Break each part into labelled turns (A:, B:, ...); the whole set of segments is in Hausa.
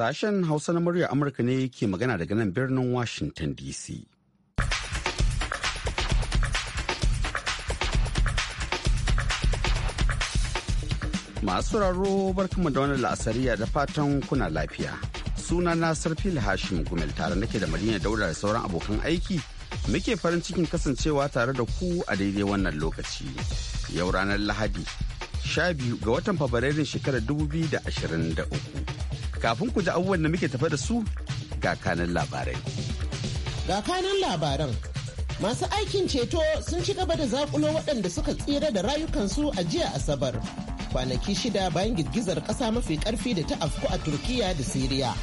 A: Sashen Hausa na murya Amurka ne ke magana daga nan birnin Washington DC. Masu sauraro barkama da wani la'asariya da fatan kuna lafiya. Suna na sarfi Hashim Gumel tare nake da Madina Dauda da sauran abokan aiki muke farin cikin kasancewa tare da ku a daidai wannan lokaci. Yau ranar Lahadi, 12 ga watan Fabrairun shekarar 2023. Kafin ku ji abubuwan da muke tafa da su ga kanan labarai.
B: Ga kanan labaran masu aikin ceto sun ci gaba da zakulo waɗanda suka tsira da rayukansu a jiya Asabar. Kwanaki shida bayan girgizar ƙasa mafi ƙarfi da ta afku a turkiyya da Siriya.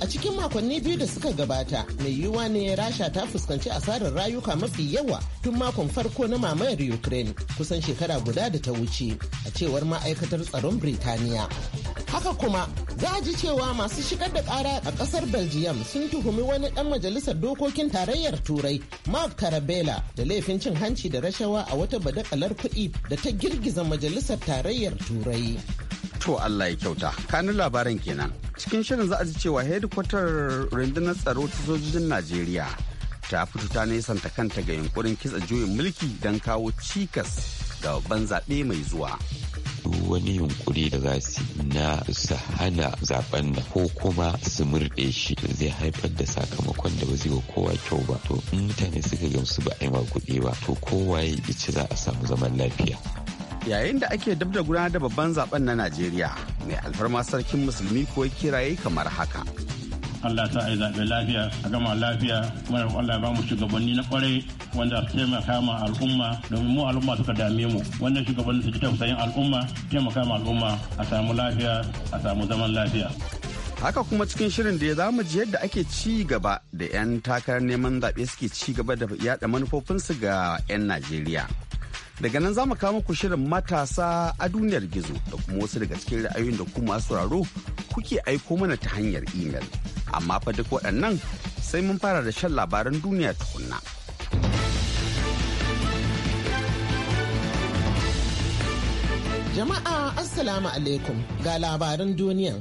B: a cikin makonni biyu da suka gabata mai yiwuwa ne rasha ta fuskanci asarar rayuka mafi yawa tun makon farko na mamayar ukraine kusan shekara guda da ta wuce a cewar ma'aikatar tsaron birtaniya Haka kuma za a ji cewa masu shigar da kara a kasar Belgium sun tuhumi wani dan majalisar dokokin tarayyar Turai Mark carabella da laifin cin hanci da rashawa a wata badakalar
A: kuɗi da ta girgiza majalisar tarayyar Turai. to Allah ya kyauta kanin labaran kenan cikin shirin za a ji cewa hedikwatar rundunar tsaro ta sojojin Najeriya ta fito ta nesanta kanta ga yunkurin kitsa juyin mulki don kawo cikas
C: ga babban zaɓe mai zuwa duk wani yunkuri da za su na su hana zaben nan ko kuma su murɗe shi zai haifar da sakamakon da ba zai wa kowa kyau ba to in mutane suka gamsu ba a yi kuɗi ba to kowa ya za a samu zaman lafiya
A: yayin da ake dab da gudanar da babban zaben na najeriya mai alfarma sarkin musulmi ko kiraye kamar haka
D: Allah ta yi zaɓe lafiya a gama lafiya muna Allah ba mu shugabanni na kware wanda su taimaka ma al'umma domin mu al'umma suka dame mu wannan shugabanni su ji tausayin al'umma taimaka ma al'umma a samu lafiya a samu zaman lafiya.
A: haka kuma cikin shirin da ya zamu ji yadda ake ci gaba da 'yan takarar neman zaɓe suke ci gaba da yaɗa manufofinsu ga 'yan najeriya daga nan za mu kawo muku shirin matasa a duniyar gizo da kuma wasu daga cikin ra'ayoyin da kuma sauraro kuke aiko mana ta hanyar imel amma fa duk waɗannan sai mun fara da shan labaran duniya tukunna.
B: jama'a assalamu alaikum ga labaran duniyan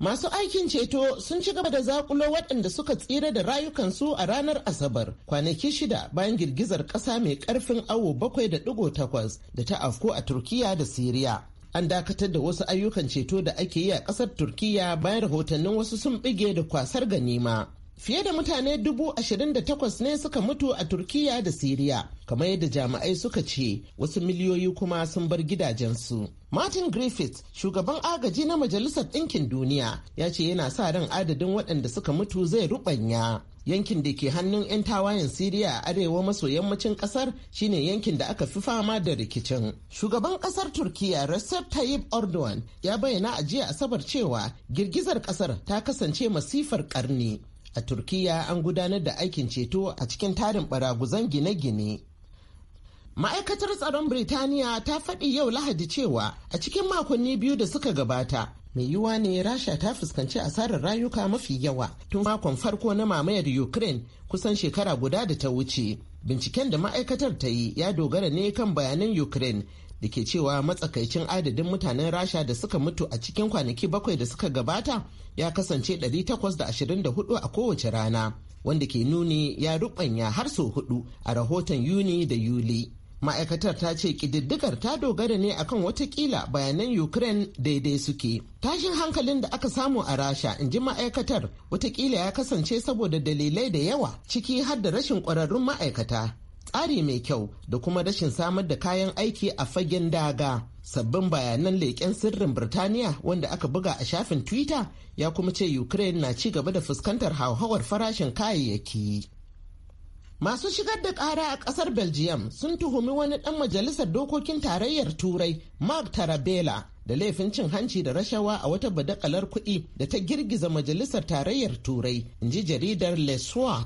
B: Masu aikin ceto sun ci gaba da zakulo waɗanda suka tsira da rayukansu a ranar Asabar kwanaki shida bayan girgizar ƙasa mai ƙarfin awo bakwai da ɗigo takwas da ta afko a Turkiya da Siriya. An dakatar da wasu ayyukan ceto da ake yi a ƙasar Turkiya bayan rahotannin wasu sun bige da kwasar ganima. Fiye da mutane dubu ashirin da takwas ne suka mutu a Turkiya da Siriya, kamar yadda jami'ai suka ce wasu miliyoyi kuma sun bar gidajensu. Martin Griffith, shugaban agaji na Majalisar Ɗinkin Duniya, ya ce yana sa ran adadin waɗanda suka mutu zai rubanya. yankin da ke hannun 'yan tawayen siriya a arewa maso yammacin kasar shine yankin da aka fi fama da rikicin shugaban kasar turkiya recep tayyip erdogan ya bayyana a jiya asabar cewa girgizar kasar ta kasance masifar karni a turkiya an gudanar da aikin ceto a cikin tarin baraguzan gine-gine ma'aikatar tsaron birtaniya ta faɗi yau lahadi cewa a cikin makonni biyu da suka gabata mai yiwuwa ne rasha ta fuskanci asarar rayuka mafi yawa tun makon farko na mamayar ukraine kusan shekara guda da ta wuce binciken da ma'aikatar ta yi ya dogara ne kan bayanan ukraine da ke cewa matsakaicin adadin mutanen rasha da suka mutu a cikin kwanaki bakwai da suka gabata ya kasance 824 a kowace rana wanda ke nuni ya rubanya har sau hudu a rahoton yuni da yuli ma'aikatar ta ce ƙididdigar ta dogara ne akan watakila bayanan ukraine daidai suke tashin hankalin da aka samu a rasha in ji ma'aikatar watakila ya kasance saboda dalilai da yawa ciki har da rashin ƙwararrun ma'aikata tsari mai kyau da kuma rashin samar da kayan aiki a fagen daga sabbin bayanan leƙen sirrin birtaniya wanda aka buga a shafin twitter ya kuma ce ukraine na ci gaba da fuskantar hauhawar farashin kayayyaki Masu shigar da ƙara a ƙasar Belgium sun tuhumi wani ɗan majalisar dokokin tarayyar Turai, Mark Tarabella, da laifin cin hanci da rashawa a wata badakalar kuɗi da ta girgiza majalisar tarayyar Turai, in ji jaridar Le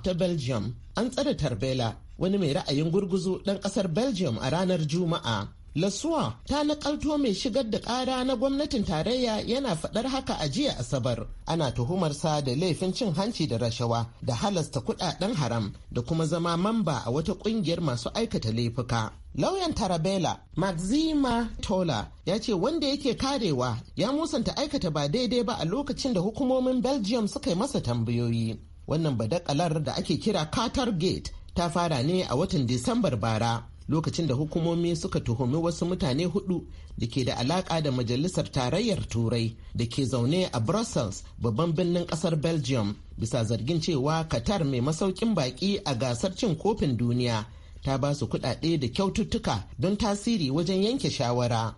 B: ta Belgium. An tsare Tarbela wani mai ra'ayin gurguzu ɗan ƙasar belgium a ranar juma'a lasuwa ta nakalto mai shigar da ƙara na gwamnatin tarayya yana faɗar haka a jiya asabar ana tuhumarsa da laifin cin hanci da rashawa da halasta kuɗaɗen haram da kuma zama mamba a wata ƙungiyar masu aikata laifuka lauyan tarabella maxima tola ya ce wanda yake karewa ya musanta aikata ba daidai ba a lokacin da hukumomin belgium suka yi masa tambayoyi wannan badakalar da ake kira qatar gate ta fara ne a watan disambar bara lokacin da hukumomi suka tuhumi wasu mutane hudu da ke da alaka da majalisar tarayyar turai da ke zaune a brussels babban birnin kasar belgium bisa zargin cewa qatar mai masaukin baki a gasar cin kofin duniya ta ba su kudade da kyaututtuka don tasiri wajen yanke shawara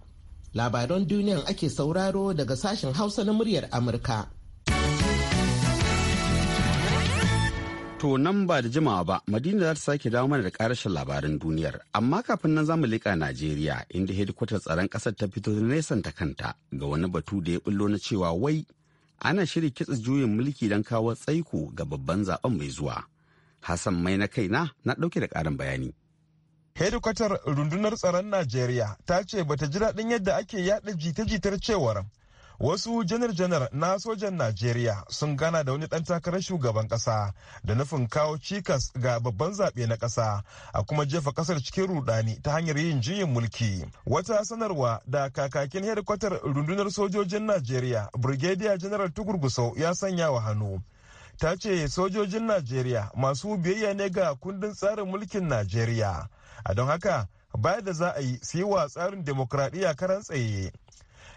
B: labaran duniyan ake sauraro daga sashen hausa
A: na muryar amurka To nan ba da jimawa ba, Madina za ta sake dawo mana da karashin labaran duniyar. Amma kafin nan zamu leƙa Najeriya inda hedikwatar tsaron ƙasar ta fito ta kanta ga wani batu da ya bullo na cewa wai ana shirya kitsa juyin mulki don kawo tsaiko ga babban zaben mai zuwa. Hassan mai na kaina na ɗauke da ƙarin bayani. Hedikwatar rundunar tsaron
E: Najeriya ta ce bata ji daɗin yadda ake yaɗa jita-jitar cewar wasu janar-janar na sojan najeriya sun gana da wani dan takarar shugaban kasa da nufin kawo cikas ga babban zaɓe na kasa a kuma jefa kasar cikin rudani ta hanyar yin juyin mulki wata sanarwa da kakakin hedikwatar rundunar sojojin najeriya brigadier general gusau ya sanya wa hannu ta ce sojojin najeriya masu biyayya ne ga kundin tsarin mulkin najeriya a don haka baya da za a yi su yi wa tsarin demokradiyya karan tsaye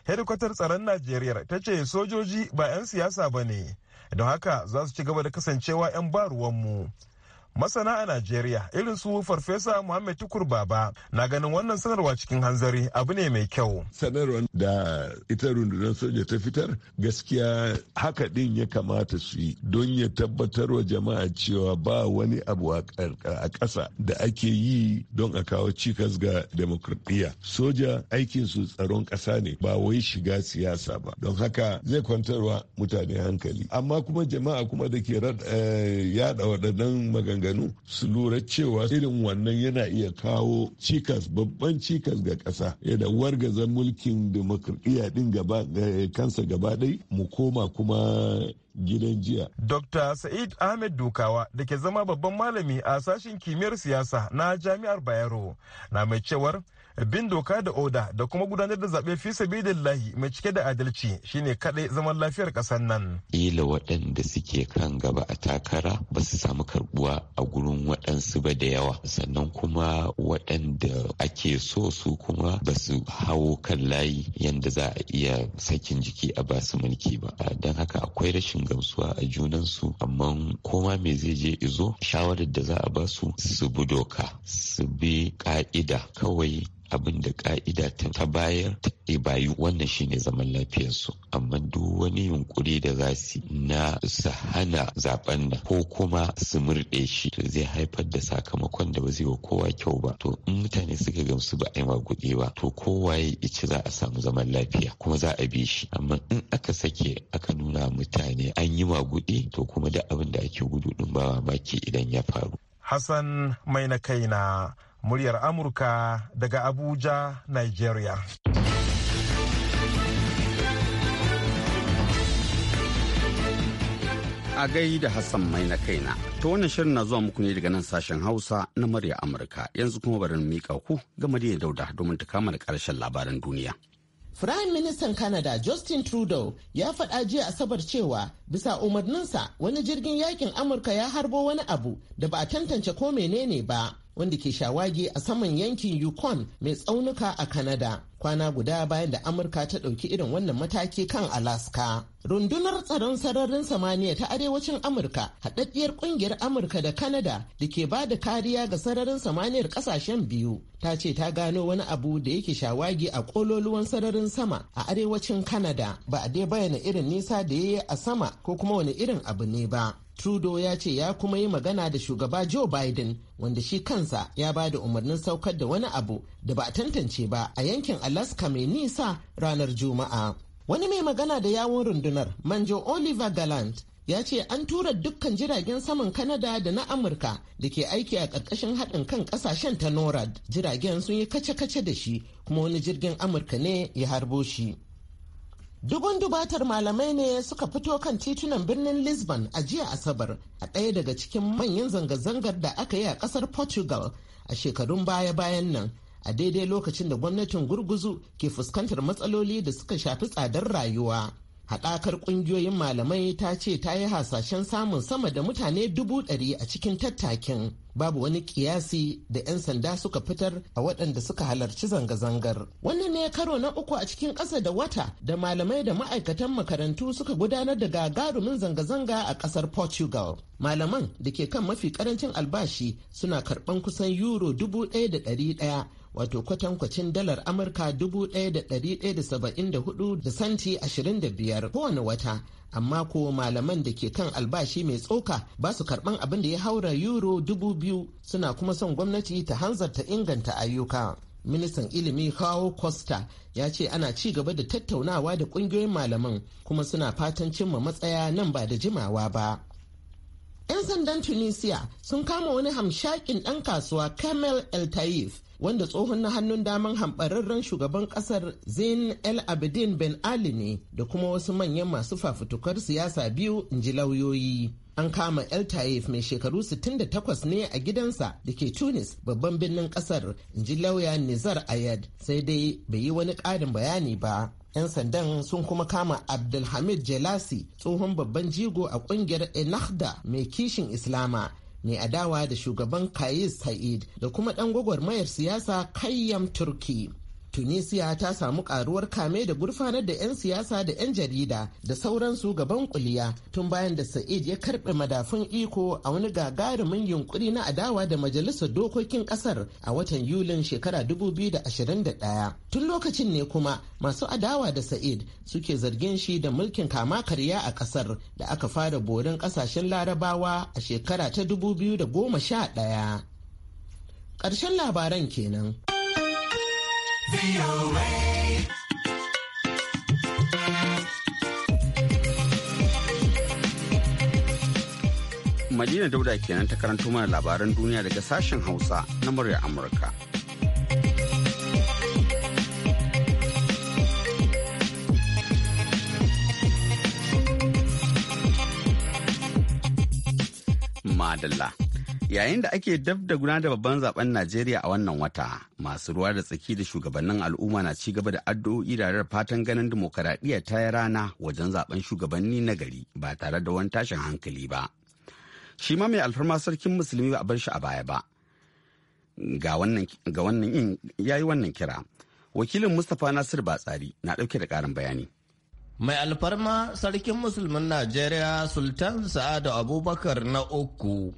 E: hedikwatar tsaron najeriya ta ce sojoji ba 'yan siyasa ba ne don haka za su ci gaba da kasancewa 'yan ba ruwanmu masana a najeriya irin su farfesa muhammed tukur baba na ganin wannan sanarwa cikin hanzari abu ne mai kyau sanarwar da ita rundunar soja ta fitar gaskiya haka din ya kamata su yi don ya tabbatar wa jama'a cewa ba wani abu a ƙasa da ake yi don a kawo cikas ga demokradiyya soja aikin su tsaron ƙasa ne ba wai shiga siyasa ba don haka zai kwantarwa mutane hankali amma kuma jama'a kuma da ke eh, yada waɗannan maganganu maganganu su lura cewa irin wannan yana iya kawo cikas babban cikas ga ƙasa ya da wargaza mulkin demokradiyya din gaba kansa gaba dai mu koma kuma gidan jiya. Dr. Sa'id Ahmed Dukawa da ke zama babban malami a sashen kimiyyar siyasa na Jami'ar Bayero na mai cewar bin doka da oda da kuma gudanar da zaɓe fi sabidillahi mai cike da adalci shine kaɗai zaman lafiyar ƙasar nan.
C: Ila waɗanda suke kan gaba a takara ba su samu karbuwa a gurin waɗansu ba da yawa sannan kuma waɗanda ake so su kuma ba su hawo kan layi yadda za a iya sakin jiki a basu mulki ba don haka akwai rashin gamsuwa a junansu amma koma me zai je izo shawarar da za a ba su su bi doka su bi ka'ida kawai abin da ka'ida ta bayar ta bayu wannan shine zaman lafiyarsu amma duk wani yunkuri da za su na su hana zaben nan ko kuma su murɗe shi to zai haifar da sakamakon da ba zai wa kowa kyau ba to in mutane suka gamsu ba a yi maguɗi ba to kowa kowaye ice za a samu zaman lafiya kuma za a bi shi amma in aka sake aka nuna mutane an yi maguɗi to kuma da abin da ake gudu din ba mamaki idan ya faru.
E: Hassan mai na kaina muryar amurka daga abuja nigeria
A: a gai da Hassan mai na kaina. Ta wannan shirin na zuwa muku ne daga nan sashen Hausa na murya Amurka. Yanzu kuma bari mika ku ga Madina Dauda domin ta kama da karshen labaran duniya.
B: Firayim Ministan Canada Justin Trudeau ya faɗa jiya Asabar cewa bisa umarninsa wani jirgin yakin Amurka ya harbo wani abu da ba a tantance ko menene ba. wanda ke shawagi a saman yankin yukon mai tsaunuka a kanada. kwana guda bayan da amurka ta ɗauki irin wannan mataki kan alaska rundunar tsaron sararin samaniya ta arewacin amurka haɗaɗɗiyar ƙungiyar amurka da kanada da ke ba da kariya ga sararin samaniyar ƙasashen biyu ta ce ta gano wani abu da yake shawagi a ƙololuwan sararin sama a arewacin kanada ba a dai bayyana irin nisa da ya yi a sama ko kuma wani irin abu ne ba Trudeau ya ce ya kuma yi magana da shugaba Joe Biden wanda shi kansa ya ba da umarnin saukar da wani abu da ba a tantance ba a yankin Alaska mai nisa ranar Juma'a. Wani mai magana da yawon rundunar Manjo Oliver Gallant ya ce an tura dukkan jiragen saman Kanada da na Amurka da ke aiki a ƙarƙashin haɗin kan ƙasashen ta NORAD. Jiragen sun yi kace-kace da shi kuma wani jirgin Amurka ne ya harbo shi. Dubun dubatar malamai ne suka fito kan titunan birnin Lisbon a jiya Asabar a ɗaya daga cikin manyan zanga-zangar da aka yi a ƙasar Portugal a shekarun baya-bayan nan a daidai lokacin da gwamnatin gurguzu ke fuskantar matsaloli da suka shafi tsadar rayuwa haɗakar ƙungiyoyin malamai ta ce ta yi hasashen samun sama da mutane dubu ɗari a cikin tattakin babu wani kiyasi da 'yan sanda suka fitar a waɗanda suka halarci zanga-zangar wannan ne karo na uku a cikin ƙasa da wata da malamai da ma'aikatan makarantu suka gudanar da gagarumin zanga-zanga a ƙasar portugal malaman da ke kan mafi ƙarancin albashi suna karɓan kusan euro dubu ɗaya da ɗari ɗaya wato kwatankwacin dalar amurka 1,174 da santi 25 kowane wata amma ko malaman da ke kan albashi mai tsoka ba su karban abin da ya haura euro 2,000 suna kuma son gwamnati ta hanzarta inganta ayyuka ministan ilimi kawo costa ya ce ana ci gaba da tattaunawa da kungiyoyin malaman kuma suna fatan cimma matsaya nan ba da jimawa ba 'yan sandan tunisia sun kama wani hamshakin ɗan kasuwa kamel el taif wanda tsohon na hannun daman hambararren shugaban kasar zain el abidin ben ali ne da kuma wasu manyan masu fafutukar siyasa biyu in ji lauyoyi an kama el taif mai shekaru 68 ne a gidansa da ke tunis babban birnin kasar in ji lauya nizar ayad sai dai bai yi wani ƙarin bayani ba 'yan sandan sun kuma kama abdulhamid Jalasi, tsohon babban jigo a ƙungiyar enahda mai kishin islama mai adawa da shugaban Kais Sa'id da kuma ɗan gwagwarmayar siyasa Kayyam Turki. tunisia ta samu karuwar kame da gurfanar da 'yan siyasa da 'yan jarida da sauransu gaban kuliya tun bayan da sa'id ya karbe madafun iko a wani gagarumin yunkuri na adawa da majalisar dokokin kasar a watan yulin shekara 2021 tun lokacin ne kuma masu adawa da sa'id suke zargin shi da mulkin kama karya a kasar da aka fara borin kasashen larabawa a shekara ta 2011 ƙarshen labaran kenan.
A: Madina Dauda kenan ta karanto mana labaran duniya daga sashen Hausa na murya Amurka. Madalla. Yayin da ake dab da gudanar da babban zaben Najeriya a wannan wata, masu ruwa da tsaki da shugabannin al'umma na ci gaba da addu'o'i da fatan ganin dimokuraɗiyya ta yi rana wajen zaben shugabanni na gari ba tare da wani tashin hankali ba. Shi ma mai alfarma sarkin musulmi ba a bar shi a baya ba. Ga wannan ya yi wannan kira. Wakilin Mustapha Nasir Batsari na dauke da ƙarin bayani.
D: Mai alfarma sarkin musulmin Najeriya Sultan Sa'adu Abubakar na uku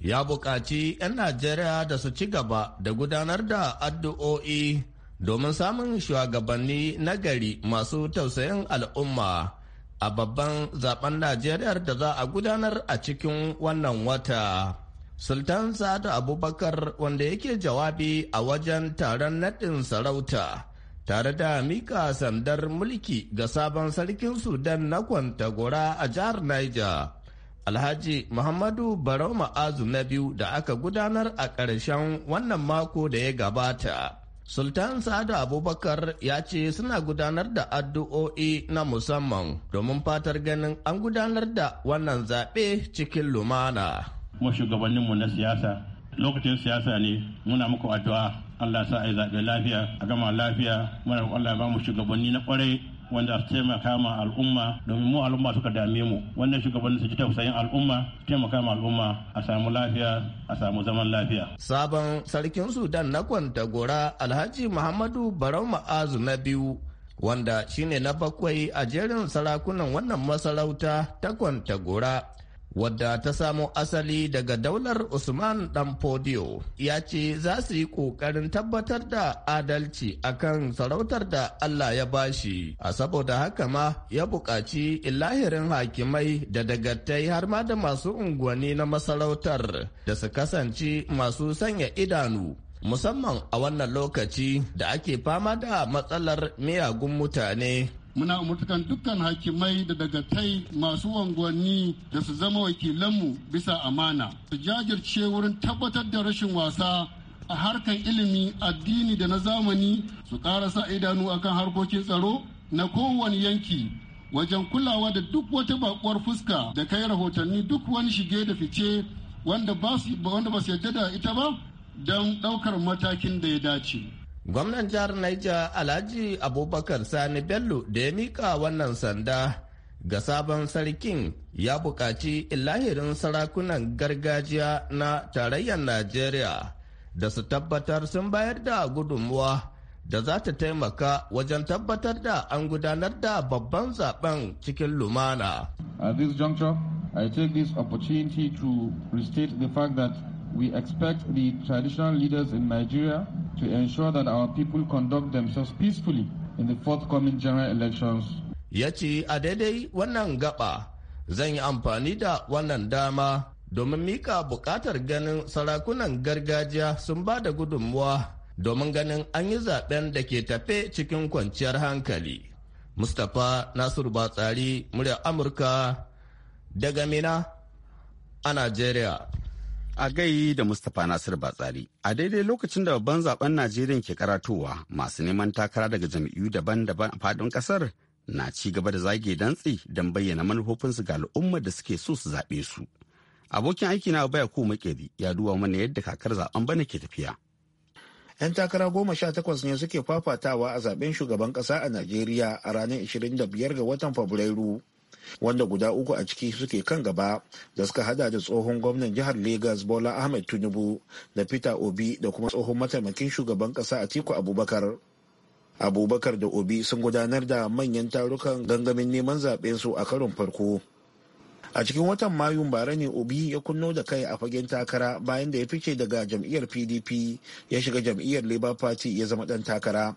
D: ya buƙaci 'yan Najeriya da su ci gaba da gudanar da addu'o'i domin samun shugabanni nagari masu tausayin al'umma a babban zaben Najeriya da za a gudanar a cikin wannan wata. Sultan Sa'adu Abubakar wanda yake jawabi a wajen taron naɗin sarauta tare da mika sandar mulki ga sabon sarkin Sudan na Kwantagora a jihar Niger. Alhaji Muhammadu Barau Ma'azu na biyu da aka gudanar a ƙarshen wannan mako da ya gabata. Sultan Sadu Abubakar ya ce suna gudanar da addu'o'i na musamman domin fatar ganin an gudanar da wannan zaɓe cikin lumana. Mu shugabanninmu na siyasa, lokacin siyasa ne muna muku addu'a Allah sa a yi zaɓe lafiya, a gama lafiya, muna Allah ba mu shugabanni na ƙwarai wanda su taimaka ma al'umma domin mu al'umma suka dame mu wannan shugaban su ji tausayin al'umma su taimaka ma al'umma a samu lafiya a samu zaman lafiya. sabon sarkin sudan na kwanta gora alhaji muhammadu barau ma'azu na biyu wanda shine na bakwai a jerin sarakunan wannan masarauta ta kwanta gora wadda ta samo asali daga daular Usman Danfodio ya ce za su yi ƙoƙarin tabbatar da adalci akan sarautar da Allah ya bashi, a saboda haka ma ya buƙaci ilahirin hakimai da dagatai har ma da masu unguwanni na masarautar da su kasance masu sanya idanu. musamman a wannan lokaci da ake fama da matsalar miyagun mutane
A: muna umurtukan dukkan hakimai da dagatai masu unguwanni da su zama wakilanmu bisa amana su jajirce wurin tabbatar da rashin wasa a harkar ilimi addini da na zamani su ƙara sa idanu akan harkokin tsaro na kowane yanki wajen kulawa da duk wata bakuwar fuska da kai rahotanni duk wani shige da fice wanda ba
D: su yarda da ita ba don ɗaukar matakin da ya dace. Gwamnan jihar Niger Alhaji Abubakar Sani Bello da ya mika wannan sanda ga sabon sarkin ya buƙaci ilahirin sarakunan gargajiya na tarayyar Najeriya da su tabbatar sun bayar da gudunmuwa da za ta taimaka wajen tabbatar da an gudanar da babban zaben cikin lumana. At this juncture, I take this opportunity to restate the fact
E: that We expect the traditional leaders in Nigeria to ensure that our people
D: conduct themselves peacefully in the forthcoming general elections. Ya ce a daidai wannan gaba zan yi amfani da wannan dama domin mika bukatar ganin sarakunan gargajiya sun ba da gudunmuwa domin ganin an yi zaben da ke tafe cikin kwanciyar hankali. Mustapha Nasiru Batsari, murya Amurka daga Mina a Najeriya.
A: a gai da Mustapha Nasir Batsari. A daidai lokacin da babban zaben Najeriya ke karatowa masu neman takara daga jam'iyyu daban-daban a fadin ƙasar na ci gaba da zage dantsi don bayyana manufofinsu ga al'ummar da suke so su zaɓe su. Abokin aiki na baya ko makeri ya duba mana yadda kakar zaben bana ke tafiya. 'Yan takara goma sha takwas ne suke
F: fafatawa a zaben shugaban ƙasa a Najeriya a ranar 25 ga watan Fabrairu. wanda guda uku a ciki suke kan gaba da suka hada da tsohon gwamnan jihar Legas Bola Ahmed Tinubu da Peter Obi da kuma tsohon mataimakin shugaban kasa Atiku Abubakar. Abubakar da Obi sun gudanar da manyan tarukan gangamin neman zaɓen su a karon farko. a cikin watan mayun bara ne obi ya kunno da kai a fagen takara bayan da ya fice daga jam'iyyar pdp ya shiga jam'iyyar labour party ya zama dan takara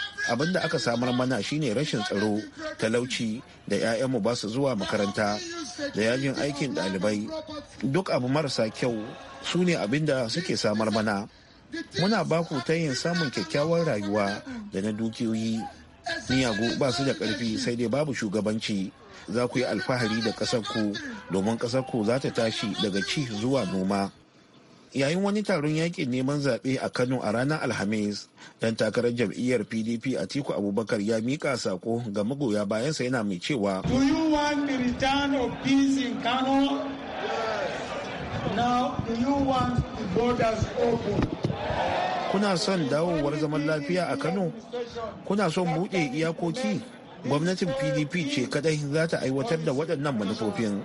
F: abin da aka samar mana shine rashin tsaro talauci da 'ya'yanmu ba su zuwa makaranta da yajin aikin ɗalibai duk abu marasa kyau su ne abin da suke samar mana muna baku ta yin samun kyakkyawar rayuwa da na dukiyoyi miyagu ba su da ƙarfi sai dai babu shugabanci za ku yi alfahari da ƙasarku domin ƙasarku za ta tashi daga ci zuwa noma yayin wani taron yakin neman zaɓe a kano a ranar alhamis dan takarar jam'iyyar pdp a tiku abubakar ya mika sako ga magoya bayansa yana mai cewa do
E: you want the in kano now do borders
F: open kuna son dawowar zaman lafiya a kano kuna son buɗe iyakoki gwamnatin pdp ce kadai za ta aiwatar da waɗannan manufofin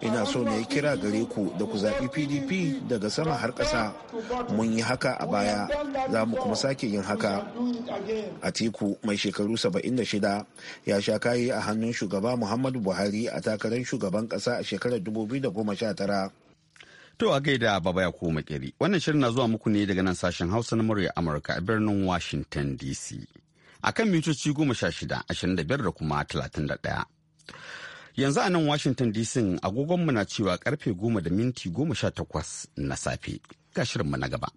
F: ina so na yi kira gare ku da ku zaɓi pdp daga sama har ƙasa mun yi haka a baya za mu kuma sake yin haka a teku mai shekaru 76 ya sha kayi a hannun shugaba muhammadu buhari a takarar shugaban ƙasa a shekarar 2019
A: To a gaida baba ya koma makeri wannan shirin na zuwa muku ne daga nan sashen hausa na murya amurka a birnin washington dc akan mitoci goma sha shida ashirin da biyar da kuma talatin Yanzu a nan Washington DC agogonmu na cewa karfe goma da minti goma sha takwas na safe. Ga shirinmu na gaba.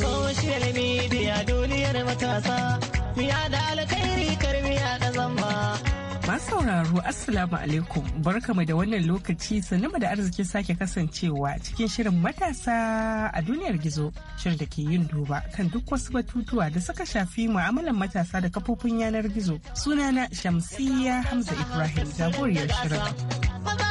G: Social media
D: duniyar matasa, da
G: sauraro Assalamu alaikum barkamu da wannan lokaci sannu da arziki sake kasancewa cikin shirin matasa a duniyar gizo shirin da ke yin duba kan duk wasu batutuwa da suka shafi mu'amalan matasa da kafofin yanar gizo sunana Shamsiyya Hamza Ibrahim jagoriyar shirin.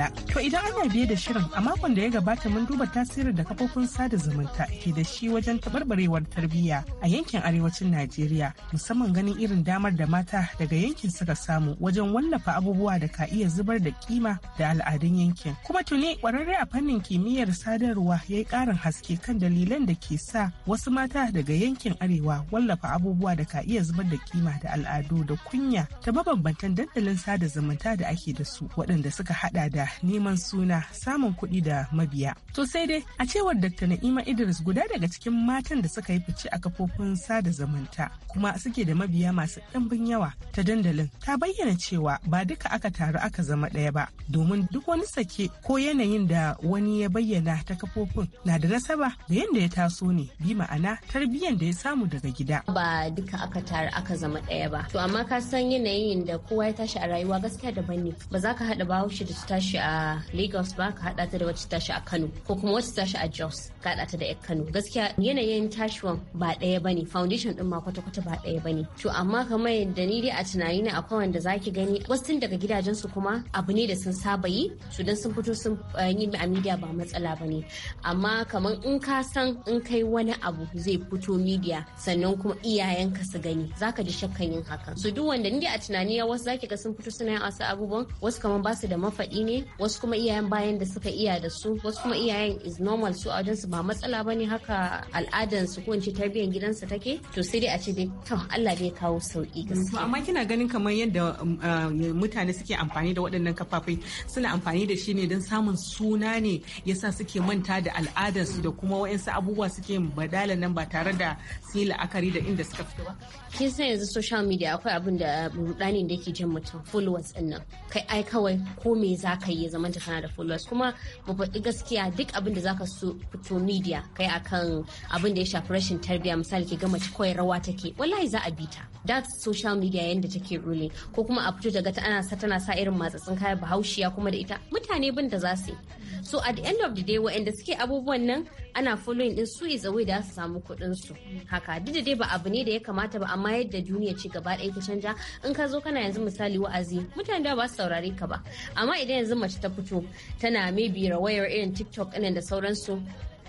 G: Bala. To idan ana biye da shirin a makon da ya gabata mun duba tasirin da kafofin sada zumunta ke da shi wajen tabarbarewar tarbiyya a yankin arewacin Najeriya musamman ganin irin damar da mata daga yankin suka samu wajen wallafa abubuwa da ka iya zubar da kima da al'adun yankin. Kuma tuni kwararre a fannin kimiyyar sadarwa ya yi ƙarin haske kan dalilan da ke sa wasu mata daga yankin arewa wallafa abubuwa da ka iya zubar da kima da al'adu da kunya ta mabambantan dandalin sada zumunta da ake da su waɗanda suka hada da neman suna samun kuɗi da mabiya to sai dai a cewar dr na'ima idris guda daga cikin matan da suka yi fice a kafofin sada zumunta kuma suke da mabiya masu ɗimbin yawa ta dandalin ta bayyana cewa ba duka aka taru aka zama ɗaya ba domin duk wani sake ko yanayin da wani ya bayyana ta kafofin na da nasaba da yadda ya taso ne bi ma'ana tarbiyyar da ya samu daga gida
H: ba duka aka taru aka zama ɗaya ba to amma ka san yanayin da kowa ya tashi a rayuwa gaskiya daban ne ba za ka haɗa bahaushe da ta tashi a Lagos ba ka haɗa ta da wacce tashi a Kano ko kuma wacce tashi a Jos ka haɗa ta da 'yar Kano gaskiya yanayin tashiwan ba ɗaya bane foundation din ma kwata-kwata ba ɗaya bane to amma kamar yadda ni dai a tunani na akwai wanda zaki gani wasu daga gidajen su kuma abu ne da sun saba yi su dan sun fito sun eh, yi a media ba matsala bane amma kamar in ka san in kai wani abu zai fito media sannan kuma iyayenka su gani zaka ji shakkan yin hakan su duk wanda ni dai a tunani wasu zaki ga sun fito suna yin wasu abubuwan wasu kamar ba su da mafaɗi ne wasu kuma iyayen bayan da suka iya da su wasu kuma iyayen is normal su a wajen su ba matsala ba ne haka al'adan su ko ince tarbiyyar gidansa take to sai dai a ce dai to Allah bai kawo sauki gaskiya amma
G: kina ganin kamar yadda um, uh, mutane suke amfani da waɗannan kafafai suna amfani da shi ne don samun suna ne yasa suke manta da al'adar su da kuma waɗansu
H: abubuwa suke
G: badala nan ba tare da sun yi la'akari da inda suka fito ba kin san yanzu social
H: media akwai abin da rudani da ke jan mutum followers din nan kai ai kawai ko me zaka kai ya zama da followers kuma mu faɗi gaskiya duk abin da zaka so fito media kai akan abin da ya shafi rashin tarbiyya misali ke gama ci koyar rawa take wallahi za a bi ta that social media yanda take ruling ko kuma a fito daga ta ana sa tana sa irin matsatsin kaya bahaushiya kuma da ita mutane bin da za su so at the end of the day wa'anda suke abubuwan nan ana following din su is way da su samu kuɗin su haka duk da dai ba abu ne da ya kamata ba amma yadda duniya ci gaba ɗaya ta canja in ka zo kana yanzu misali wa'azi mutane da ba su saurare ka ba amma idan yanzu mace ta fito tana maybe rawayar irin tiktok ɗin da sauransu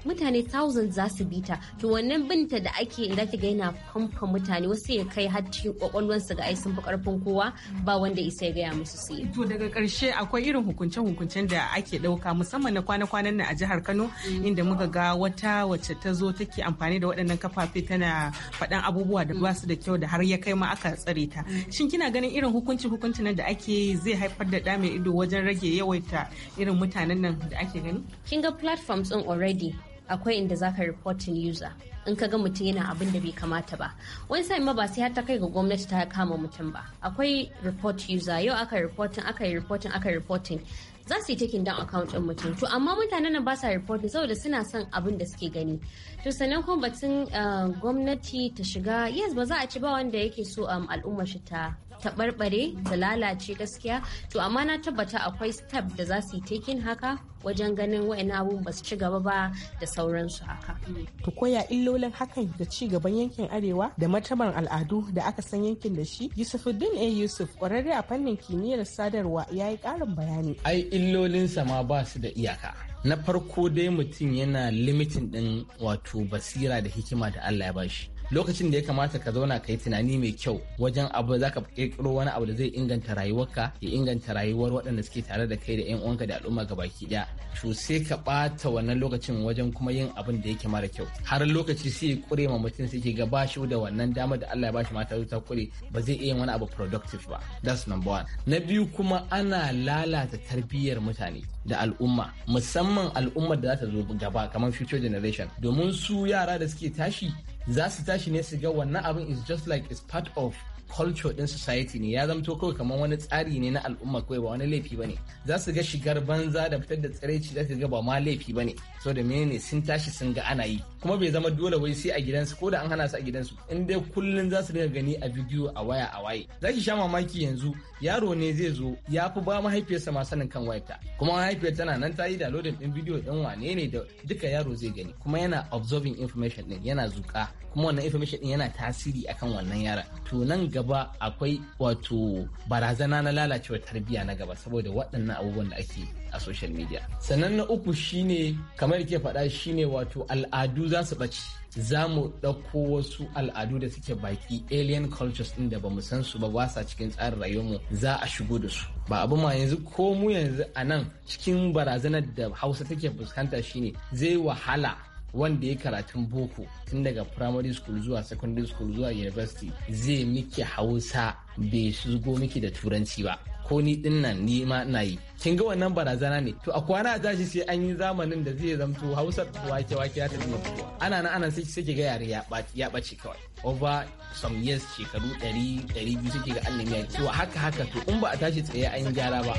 H: mutane thousand za su bi ta to wannan binta da ake da ga yana famfa mutane wasu ya kai har cikin kwakwalwansu ga ai sun fi karfin kowa ba wanda isa ya gaya musu su
G: to daga karshe akwai irin hukunce-hukuncen da ake dauka musamman na kwana-kwanan nan a jihar Kano mm. inda muka ga wata wacce ta zo take amfani da waɗannan kafafe tana faɗan abubuwa da ba su da kyau da har ya kai ma aka tsare ta mm. shin kina ganin irin hukunci hukuncin nan da ake zai haifar da dame ido wajen rage
H: yawaita irin mutanen nan da ake gani kin ga platforms din already akwai inda za ka reporting user in ka ga mutum yana abin da bai kamata ba wani sa'in ma ba sai har ta kai ga gwamnati ta kama mutum ba akwai report user yau aka reporting aka yi reporting aka reporting za su yi taking down account din mutum to amma mutanen nan ba sa reporting saboda suna son abin da suke gani to sannan kuma batun eh, gwamnati ta shiga yes ba za a ci ba wanda yake so um, al'ummar shi ta taɓarɓare da lalace gaskiya to amma na tabbata akwai step da za su yi taking haka wajen ganin wa'in abun ba su ci gaba ba da sauransu haka.
G: To koya illolin hakan da ci gaban yankin Arewa da martaban al'adu da aka san yankin da shi Yusufuddin A Yusuf kwararre a fannin kimiyyar sadarwa ya yi karin bayani.
I: Ai illolinsa ma ba su da iyaka. Na farko dai mutum yana limitin ɗin wato basira da hikima da Allah ya bashi. lokacin da ya kamata ka zauna ka yi tunani mai kyau wajen abu za ka kirkiro wani abu da zai inganta rayuwarka ya inganta rayuwar waɗanda suke tare da kai da 'yan uwanka da al'umma ga baki ɗaya to sai ka ɓata wannan lokacin wajen kuma yin abin da yake mara kyau har lokaci sai ya kure ma mutum sai ke gaba shi da wannan damar da Allah ya bashi mata ta kure ba zai iya yin wani abu productive ba that's number one na biyu kuma ana lalata tarbiyyar mutane da al'umma musamman al'ummar da za ta zo gaba kamar future generation domin su yara da suke tashi za su tashi ne su ga wannan abin is just like is part of culture din society ne ya to kawai kamar wani tsari ne na al'umma kawai ba wani laifi bane za su ga shigar banza da fitar da tsiraici za su ga ba ma laifi bane so da menene sun tashi sun ga ana yi kuma bai zama dole wai sai a gidansu ko da an hana su a gidansu in dai kullun za su dinga gani a bidiyo a waya a waye za ki sha mamaki yanzu yaro ne zai zo ya fi ba mahaifiyarsa ma sanin kan wayarta kuma mahaifiyar tana nan ta yi da din bidiyo din wane ne da duka yaro zai gani kuma yana observing information din yana zuka kuma wannan information din yana tasiri akan wannan yaron to nan ga gaba akwai wato barazana na lalacewa tarbiyya na gaba saboda waɗannan abubuwan da ake a social media sannan na uku shine kamar ke faɗa shine wato al'adu za su ɓace za mu ɗauko wasu al'adu da suke baki alien cultures ɗin da ba mu san su ba ba sa cikin tsarin mu za a shigo da su ba abu ma yanzu ko mu yanzu a nan cikin barazanar da hausa take fuskanta shine zai wahala wanda ya karatun boko tun daga primary school zuwa secondary school zuwa university zai miki hausa bai shigo miki da turanci ba ko ni din nan ni ma ina yi kin ga wannan barazana ne to a kwana za shi sai an yi zamanin da zai zamto Hausa wake wake ta dinga fitowa ana nan ana sai sai ga yare ya bace kawai over some years shekaru 100 200 suke ga Allah ya to haka haka to in ba a tashi tsaye an gyara ba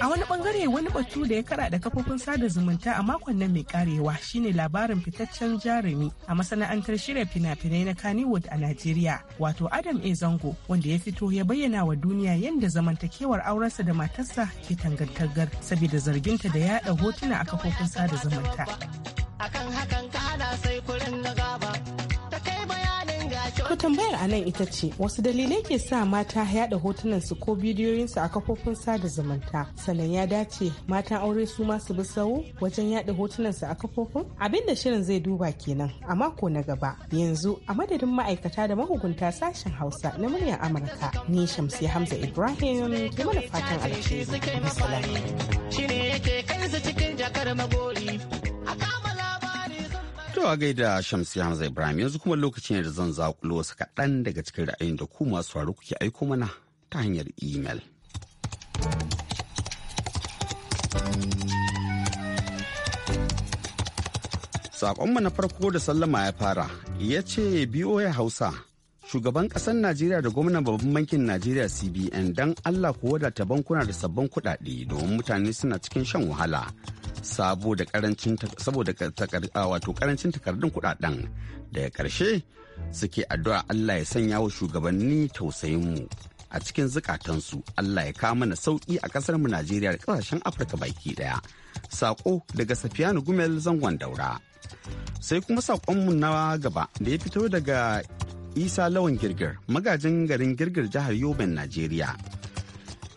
G: a wani bangare wani batu da ya kara da kafofin sada zumunta a makon nan mai karewa shine labarin fitaccen jarumi a masana'antar shirya fina-finai na Kannywood a Najeriya wato Adam A Zango wanda ya fito ya bayyana wa duniya yadda zamantakewar aurensa da matarsa ke tangantakar saboda zarginta da yaɗa hotuna a kafofin sada zumunta. Akan hakan kana sai kurin na tambayar a nan ita ce wasu dalilai ke sa mata yada hotunansu ko bidiyoyinsu a kafofin sada zumunta sannan ya dace matan aure su masu bi sawu wajen yada hotunansu a kafofin abinda shirin zai duba kenan a mako na gaba yanzu a madadin ma'aikata da mahugunta sashen hausa na muryar amurka ni shamsi hamza ibrahim kuma mana fatan alheri
D: shine yake
G: To a
A: gaida Shamsi Hamza Ibrahim yanzu kuma lokaci ne da zan zakulo wasu kaɗan daga cikin ra'ayin da ku masu faru kuke aiko mana ta hanyar imel. Saƙonmu na farko da sallama ya fara ya ce biyo ya Hausa shugaban ƙasar najeriya da gwamnan babban bankin najeriya cbn don allah ku wadata bankuna da sabbin kuɗaɗe domin mutane suna cikin shan wahala saboda wato karancin takardun kuɗaɗen daga ƙarshe suke addu'a allah ya sanya wa shugabanni tausayinmu a cikin zukatansu allah ya kawo mana sauƙi a ƙasar mu najeriya da ƙasashen afirka baki ɗaya saƙo daga safiyanu gumel zangon daura sai kuma saƙonmu na gaba da ya fito daga isa lawan girgir magajin garin girgir jihar yoben najeriya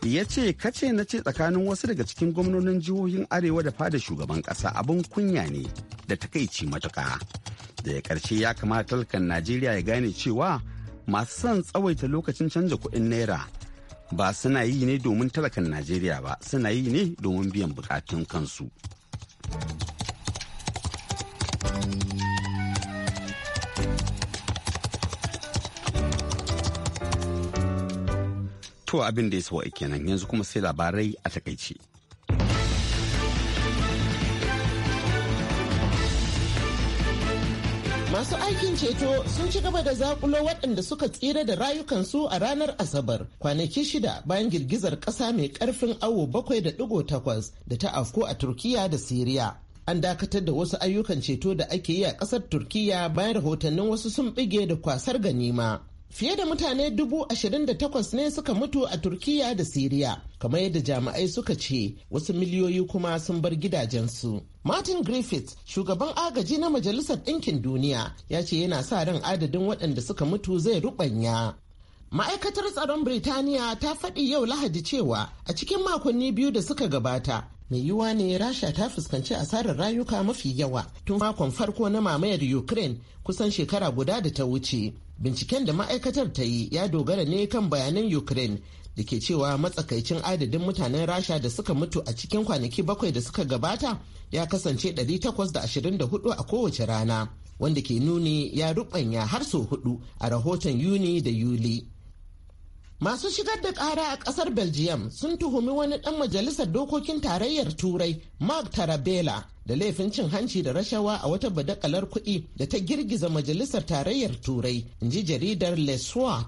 A: ya ce kace na ce tsakanin wasu daga cikin gwamnonin jihohin arewa da fada shugaban kasa abin kunya ne da takaici matuka da ya karshe ya kamata talkan najeriya ya gane cewa masu son tsawaita lokacin canza kuɗin naira ba suna yi ne domin talakan najeriya ba suna yi ne domin biyan bukatun kansu. To abin da ya sawa kenan yanzu kuma sai labarai a takaice.
B: Masu aikin ceto sun ci gaba da zakulo waɗanda suka tsira da rayukansu a ranar Asabar kwanaki shida bayan girgizar ƙasa mai ƙarfin awo bakwai da ɗigo takwas da ta afko a Turkiya da Siriya. An dakatar da wasu ayyukan ceto da ake yi a ƙasar Turkiya bayan rahotannin wasu sun bige da kwasar ganima. Fiye da mutane dubu ashirin da takwas ne suka mutu a Turkiya da Siriya, kamar yadda jami'ai suka ce wasu miliyoyi kuma sun bar gidajensu. Martin Griffith, shugaban agaji na Majalisar Ɗinkin Duniya, ya ce yana sa ran adadin waɗanda suka mutu zai rubanya. Ma'aikatar tsaron Birtaniya ta faɗi yau Lahadi cewa a cikin makonni biyu da suka gabata, mai yiwuwa ne rasha ta fuskanci asarar rayuka mafi yawa tun makon farko na mamayar ukraine kusan shekara guda da ta wuce binciken da ma'aikatar ta yi ya dogara ne kan bayanan ukraine da ke cewa matsakaicin adadin mutanen rasha da suka mutu a cikin kwanaki bakwai da suka gabata ya kasance 824 a kowace rana wanda ke nuni ya rubanya har sau hudu a rahoton yuni da yuli Masu shigar da ƙara a ƙasar Belgium sun tuhumi wani ɗan majalisar dokokin tarayyar Turai, Mark Tarabella, da laifin cin hanci da rashawa a wata badakalar kuɗi da ta girgiza majalisar tarayyar Turai, in ji jaridar Le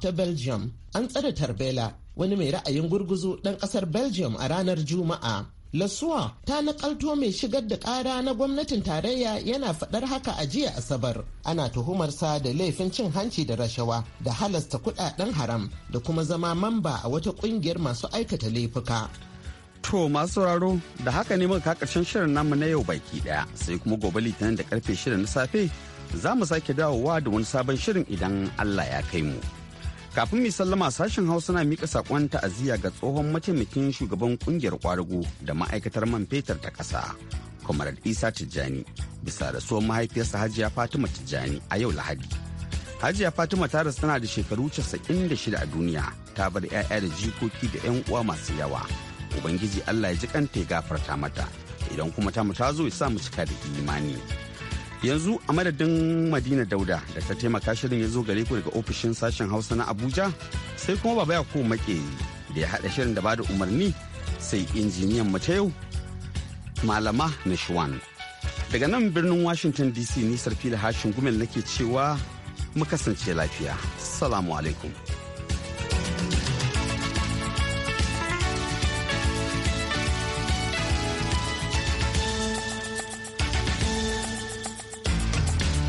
B: ta Belgium. An tsare Tarbela, wani mai ra'ayin gurguzu ɗan ƙasar Belgium a ranar Juma'a. Lasuwa ta nakalto mai shigar da ƙara na gwamnatin tarayya yana faɗar haka a jiya Asabar. Ana tuhumarsa da laifin cin hanci da rashawa da halasta kuɗaɗen haram da kuma zama mamba a wata ƙungiyar masu aikata laifuka.
A: To masu sauraro da haka ne muka karshen shirin namu na yau baki ɗaya sai kuma gobe litinin da karfe shirin na safe za mu sake dawowa da wani sabon shirin idan Allah ya kai mu. kafin mai sallama sashen hausa na mika sakon ta'aziyya ga tsohon mataimakin shugaban kungiyar kwadago da ma'aikatar man fetur ta ƙasa kuma isa tijjani bisa da tsohon mahaifiyarsa hajiya fatima tijjani a yau lahadi hajiya fatima ta rasu tana da shekaru casa'in da shida a duniya ta bar 'ya'ya da jikoki da 'yan uwa masu yawa ubangiji allah ya ji kanta ya gafarta mata idan kuma ta mu ta zo ya sa mu cika da imani yanzu a madadin madina dauda da ta taimaka shirin ya zo gare ku daga ofishin sashen hausa na abuja sai kuma baba yako make da ya haɗa shirin da ba da umarni sai injiniyan mu yau malama na shuwan daga nan birnin washington dc nisar fili hashin gumel nake cewa mu kasance lafiya salamu alaikum